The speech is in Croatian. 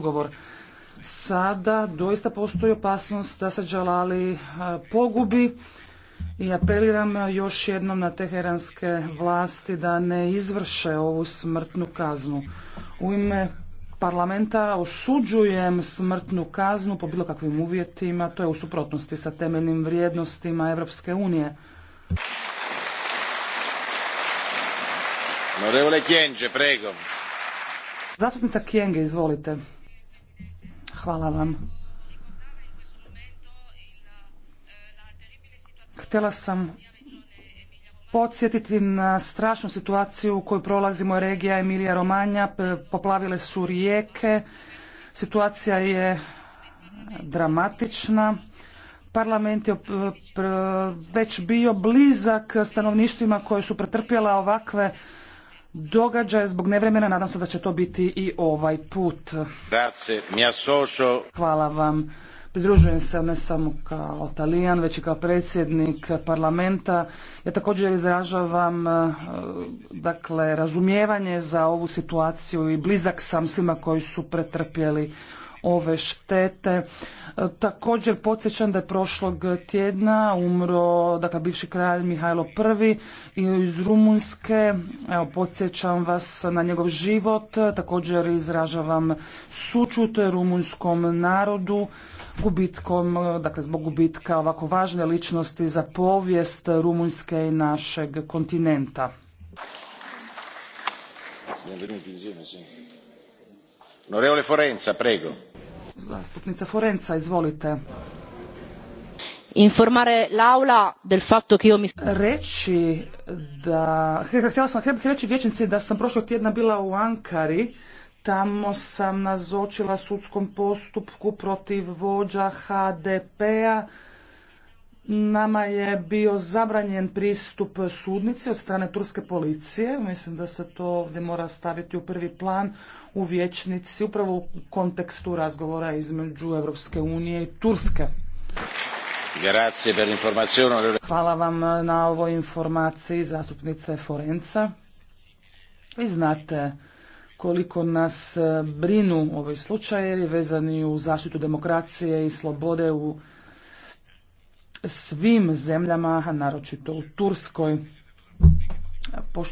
ugovor. Sada doista postoji opasnost da se Đalali e, pogubi i apeliram još jednom na teheranske vlasti da ne izvrše ovu smrtnu kaznu. U ime parlamenta osuđujem smrtnu kaznu po bilo kakvim uvjetima, to je u suprotnosti sa temeljnim vrijednostima Europske unije. Zastupnica Kjenge, izvolite. Hvala vam. Htjela sam podsjetiti na strašnu situaciju u kojoj prolazimo regija Emilija Romanja, poplavile su rijeke, situacija je dramatična. Parlament je već bio blizak stanovništvima koje su pretrpjela ovakve događaje zbog nevremena. Nadam se da će to biti i ovaj put. Hvala vam. Pridružujem se ne samo kao talijan, već i kao predsjednik parlamenta. Ja također izražavam eh, dakle, razumijevanje za ovu situaciju i blizak sam svima koji su pretrpjeli ove štete. E, također podsjećam da je prošlog tjedna umro dakle, bivši kralj Mihajlo I iz Rumunjske. Evo, podsjećam vas na njegov život. Također izražavam sučut rumunskom narodu gubitkom, dakle zbog gubitka ovako važne ličnosti za povijest Rumunjske i našeg kontinenta. Forenza, prego. Zastupnica Forenza, izvolite. Informare l'aula del fatto che io mi... Reći da... Htjela sam reći vječnici da sam prošlog tjedna bila u Ankari Tamo sam nazočila sudskom postupku protiv vođa hdp p-a. Nama je bio zabranjen pristup sudnici od strane turske policije. Mislim da se to ovdje mora staviti u prvi plan u vječnici, upravo u kontekstu razgovora između Europske unije i Turske. Hvala vam na ovoj informaciji, zastupnice Forenca. Vi znate koliko nas brinu ovi slučajevi vezani u zaštitu demokracije i slobode u svim zemljama, naročito u Turskoj. Pošto